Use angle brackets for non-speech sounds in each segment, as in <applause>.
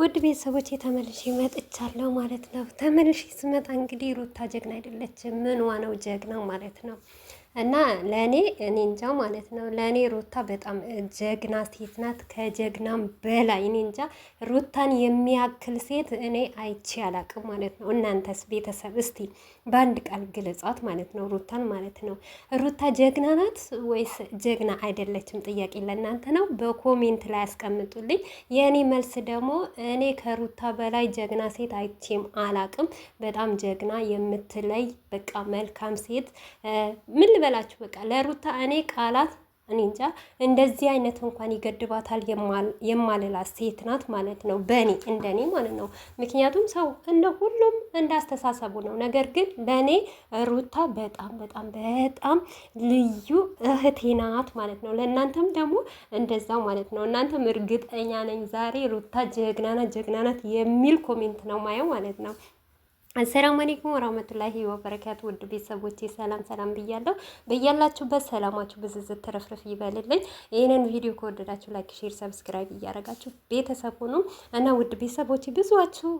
ውድ ቤተሰቦች ተመልሼ መጥቻለሁ ማለት ነው። ተመልሼ ስመጣ እንግዲህ ሩታ ጀግና አይደለችም ምንዋ ነው ጀግናው ማለት ነው። እና ለእኔ እኔ እንጃ ማለት ነው። ለእኔ ሩታ በጣም ጀግና ሴት ናት፣ ከጀግናም በላይ እኔ እንጃ ሩታን የሚያክል ሴት እኔ አይቼ አላቅም ማለት ነው። እናንተስ ቤተሰብ እስቲ በአንድ ቃል ግለጻት ማለት ነው ሩታን ማለት ነው። ሩታ ጀግና ናት ወይስ ጀግና አይደለችም? ጥያቄ ለእናንተ ነው። በኮሜንት ላይ ያስቀምጡልኝ። የእኔ መልስ ደግሞ እኔ ከሩታ በላይ ጀግና ሴት አይቼም አላቅም። በጣም ጀግና የምትለይ በቃ መልካም ሴት ምን ልበላችሁ በቃ ለሩታ እኔ ቃላት እኔ እንጃ እንደዚህ አይነት እንኳን ይገድባታል የማልላት ሴት ናት ማለት ነው። በእኔ እንደኔ ማለት ነው። ምክንያቱም ሰው እንደ ሁሉም እንዳስተሳሰቡ ነው። ነገር ግን ለእኔ ሩታ በጣም በጣም በጣም ልዩ እህቴ ናት ማለት ነው። ለእናንተም ደግሞ እንደዛው ማለት ነው። እናንተም እርግጠኛ ነኝ ዛሬ ሩታ ጀግናናት ጀግናናት የሚል ኮሜንት ነው ማየው ማለት ነው። አሰላሙ አለይኩም ወራህመቱላሂ ወበረካቱ ውድ ቤተሰቦቼ ሰላም ሰላም ብያለሁ። በያላችሁበት ሰላማችሁ ብዝዝት ተረፍረፍ ይበልልኝ። ይህንን ቪዲዮ ከወደዳችሁ ላይክ፣ ሼር፣ ሰብስክራይብ እያደረጋችሁ ቤተሰብ ሁኑ እና ውድ ቤተሰቦቼ ብዙዋችሁ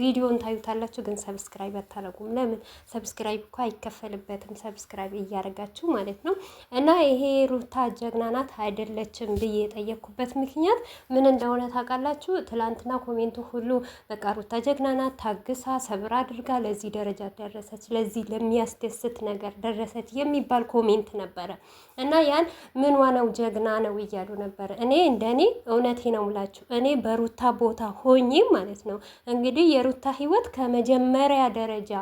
ቪዲዮን ታዩታላችሁ፣ ግን ሰብስክራይብ አታረጉም። ለምን? ሰብስክራይብ እኮ አይከፈልበትም። ሰብስክራይብ እያደረጋችሁ ማለት ነው። እና ይሄ ሩታ ጀግና ናት አይደለችም ብዬ የጠየኩበት ምክንያት ምን እንደሆነ ታውቃላችሁ? ትላንትና ኮሜንቱ ሁሉ በቃ ሩታ ጀግና ናት ታግሳ ሰብራ አድርጋ ለዚህ ደረጃ ደረሰች፣ ለዚህ ለሚያስደስት ነገር ደረሰች የሚባል ኮሜንት ነበረ እና ያን ምንዋ ነው ጀግና ነው እያሉ ነበረ። እኔ እንደኔ እውነቴ ነው ምላችሁ እኔ በሩታ ቦታ ሆኜ ማለት ነው እንግዲህ የሩታ ህይወት ከመጀመሪያ ደረጃ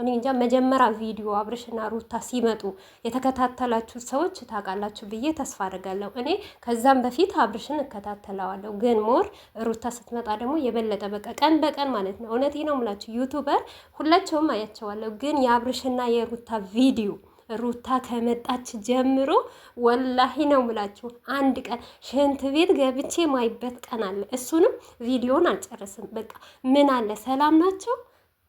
እኔ እንጃ መጀመሪያ ቪዲዮ አብርሽና ሩታ ሲመጡ የተከታተላችሁ ሰዎች ታውቃላችሁ ብዬ ተስፋ አድርጋለሁ። እኔ ከዛም በፊት አብርሽን እከታተለዋለሁ፣ ግን ሞር ሩታ ስትመጣ ደግሞ የበለጠ በቃ ቀን በቀን ማለት ነው። እውነቴ ነው የምላችሁ ዩቱበር ሁላቸውም አያቸዋለሁ፣ ግን የአብርሽና የሩታ ቪዲዮ ሩታ ከመጣች ጀምሮ ወላሂ ነው ምላችሁ አንድ ቀን ሽንት ቤት ገብቼ ማይበት ቀን አለ። እሱንም ቪዲዮን አልጨረስም በቃ ምን አለ ሰላም ናቸው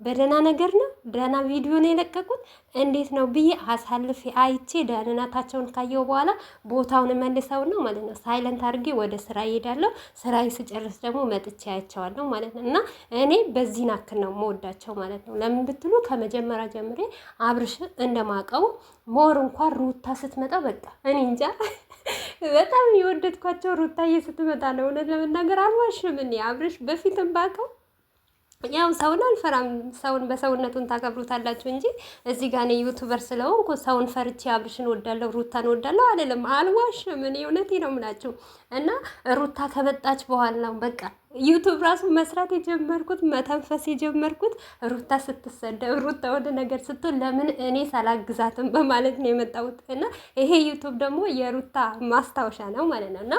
በደህና ነገር ነው ደህና ቪዲዮ ነው የለቀቁት እንዴት ነው ብዬ አሳልፌ አይቼ ደህንነታቸውን ካየው በኋላ ቦታውን መልሰው ነው ማለት ነው ሳይለንት አድርጌ ወደ ስራ ይሄዳለሁ። ስራዬ ስጨርስ ደግሞ መጥቼ አያቸዋለሁ ማለት ነው። እና እኔ በዚህ ናክል ነው መወዳቸው ማለት ነው። ለምን ብትሉ ከመጀመሪያ ጀምሬ አብርሽ እንደማቀው ሞር እንኳን ሩታ ስትመጣ በቃ እኔ እንጃ በጣም የወደድኳቸው ሩታዬ ስትመጣ ነው። እውነት ለመናገር አልዋሽም። እኔ አብርሽ በፊትም ባቀው ያው ሰውን አልፈራም። ሰውን በሰውነቱን ታከብሩታላችሁ እንጂ እዚህ ጋር እኔ ዩቱበር ስለሆንኩ ሰውን ፈርቼ አብርሽን ወዳለሁ ሩታን ወዳለሁ አልልም። አልዋሽም። እኔ እውነቴ ነው የምላችሁ እና ሩታ ከመጣች በኋላ ነው በቃ ዩቱብ ራሱ መስራት የጀመርኩት መተንፈስ የጀመርኩት ሩታ ስትሰደብ ሩታ ወደ ነገር ስትሆን ለምን እኔ ሳላግዛትም በማለት ነው የመጣሁት እና ይሄ ዩቱብ ደግሞ የሩታ ማስታወሻ ነው ማለት ነው እና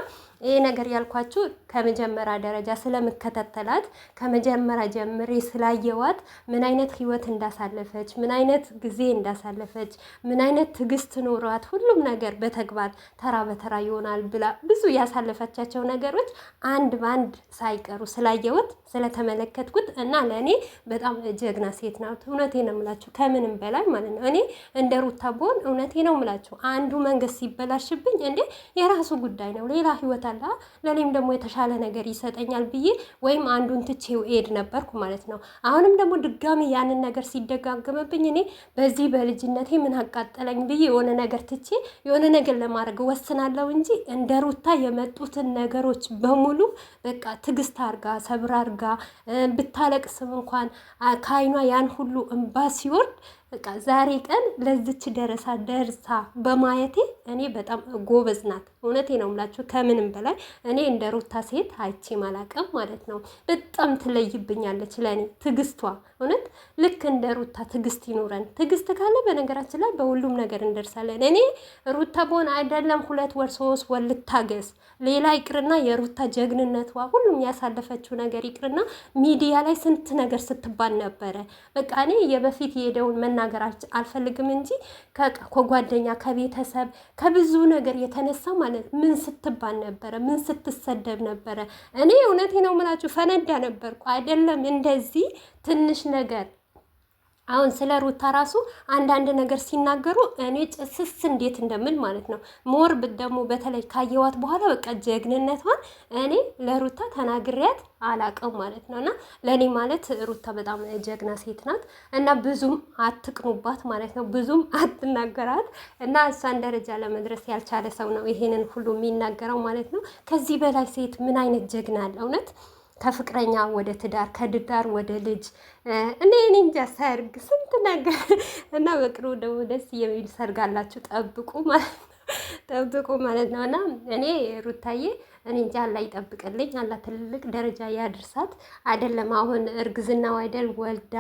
ይሄ ነገር ያልኳችሁ ከመጀመሪያ ደረጃ ስለምከታተላት ከመጀመሪያ ጀምሬ ስላየዋት ምን አይነት ህይወት እንዳሳለፈች ምን አይነት ጊዜ እንዳሳለፈች ምን አይነት ትዕግስት ኖሯት ሁሉም ነገር በተግባር ተራ በተራ ይሆናል ብላ ብዙ ያሳለፈቻቸው ነገሮች አንድ በአንድ ሳይ ሳይቀሩ ስላየሁት ስለተመለከትኩት እና ለእኔ በጣም ጀግና ሴት ናት። እውነቴ ነው የምላችሁ ከምንም በላይ ማለት ነው። እኔ እንደ ሩታ ብሆን እውነቴ ነው የምላችሁ አንዱ መንገድ ሲበላሽብኝ እንዴ የራሱ ጉዳይ ነው፣ ሌላ ህይወት አለ፣ ለእኔም ደግሞ የተሻለ ነገር ይሰጠኛል ብዬ ወይም አንዱን ትቼው እሄድ ነበርኩ ማለት ነው። አሁንም ደግሞ ድጋሚ ያንን ነገር ሲደጋገመብኝ እኔ በዚህ በልጅነቴ ምን አቃጠለኝ ብዬ የሆነ ነገር ትቼ የሆነ ነገር ለማድረግ ወስናለሁ እንጂ እንደ ሩታ የመጡትን ነገሮች በሙሉ በቃ ትግስት ትዕግስት አርጋ ሰብር አርጋ ብታለቅስም እንኳን ከአይኗ ያን ሁሉ እምባ ሲወርድ በቃ ዛሬ ቀን ለዚች ደረሳ ደርሳ በማየቴ እኔ በጣም ጎበዝ ናት። እውነቴ ነው የምላችሁ ከምንም በላይ እኔ እንደ ሩታ ሴት አይቼ ማላቀም ማለት ነው። በጣም ትለይብኛለች ለእኔ ትግስቷ። እውነት ልክ እንደ ሩታ ትግስት ይኑረን። ትግስት ካለ በነገራችን ላይ በሁሉም ነገር እንደርሳለን። እኔ ሩታ በሆነ አይደለም ሁለት ወር ሶስት ወር ልታገስ፣ ሌላ ይቅርና የሩታ ጀግንነቷ ሁሉም ያሳለፈችው ነገር ይቅርና ሚዲያ ላይ ስንት ነገር ስትባል ነበረ። በቃ እኔ የበፊት የሄደውን መና መናገር አልፈልግም እንጂ ከጓደኛ ከቤተሰብ ከብዙ ነገር የተነሳ ማለት ምን ስትባል ነበረ? ምን ስትሰደብ ነበረ? እኔ እውነቴ ነው የምላችሁ ፈነዳ ነበርኩ አይደለም እንደዚህ ትንሽ ነገር አሁን ስለ ሩታ ራሱ አንዳንድ ነገር ሲናገሩ እኔ ጭስስ እንዴት እንደምል ማለት ነው። ሞር ደግሞ በተለይ ካየዋት በኋላ በቃ ጀግንነቷን እኔ ለሩታ ተናግሪያት አላቀው ማለት ነው። እና ለእኔ ማለት ሩታ በጣም ጀግና ሴት ናት እና ብዙም አትቅኑባት ማለት ነው። ብዙም አትናገራት እና እሷን ደረጃ ለመድረስ ያልቻለ ሰው ነው ይሄንን ሁሉ የሚናገረው ማለት ነው። ከዚህ በላይ ሴት ምን አይነት ጀግና አለ እውነት ከፍቅረኛ ወደ ትዳር ከትዳር ወደ ልጅ እኔ እኔ እንጃ ሰርግ ስንት ነገር <laughs> እና በቅሩ ደግሞ ደስ የሚል ሰርግ አላችሁ ጠብቁ ማለት <laughs> ጠብቁ ማለት ነው። እና እኔ ሩታዬ እኔ እንጃ አላህ ይጠብቅልኝ፣ አላህ ትልቅ ደረጃ ያድርሳት። አይደለም አሁን እርግዝናው አይደል ወልዳ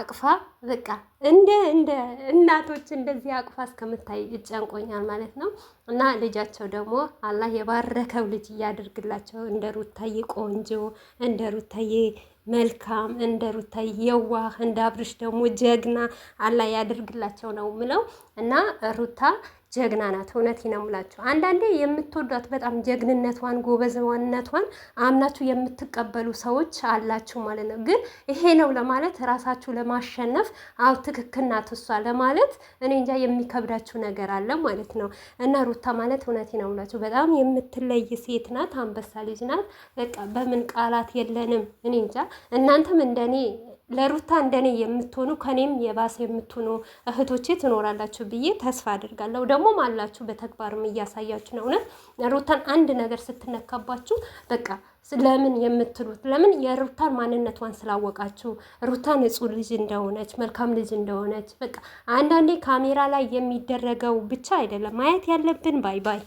አቅፋ በቃ እንደ እንደ እናቶች እንደዚህ አቅፋ እስከምታይ እጨንቆኛል ማለት ነው። እና ልጃቸው ደግሞ አላህ የባረከው ልጅ እያደርግላቸው እንደ ሩታዬ ቆንጆ፣ እንደ ሩታዬ መልካም፣ እንደ ሩታዬ የዋህ፣ እንደ አብርሽ ደግሞ ጀግና አላህ ያደርግላቸው ነው ምለው እና ሩታ ጀግና ናት። እውነት ነው አንዳንዴ የምትወዷት በጣም ጀግንነቷን ጎበዝነቷን አምናችሁ የምትቀበሉ ሰዎች አላችሁ ማለት ነው። ግን ይሄ ነው ለማለት ራሳችሁ ለማሸነፍ አው። ትክክል ናት እሷ ለማለት እኔ እንጃ የሚከብዳችሁ ነገር አለ ማለት ነው። እና ሩታ ማለት እውነቴ ነው ብላችሁ በጣም የምትለይ ሴት ናት። አንበሳ ልጅ ናት። በቃ በምን ቃላት የለንም። እኔ እንጃ እናንተም እንደኔ ለሩታ እንደኔ የምትሆኑ ከኔም የባሰ የምትሆኑ እህቶቼ ትኖራላችሁ ብዬ ተስፋ አድርጋለሁ። ደግሞም አላችሁ፣ በተግባርም እያሳያችሁ ነው። እውነት ሩታን አንድ ነገር ስትነካባችሁ በቃ ለምን የምትሉት ለምን የሩታን ማንነቷን ስላወቃችሁ ሩታ ንጹህ ልጅ እንደሆነች መልካም ልጅ እንደሆነች በቃ አንዳንዴ ካሜራ ላይ የሚደረገው ብቻ አይደለም ማየት ያለብን። ባይ ባይ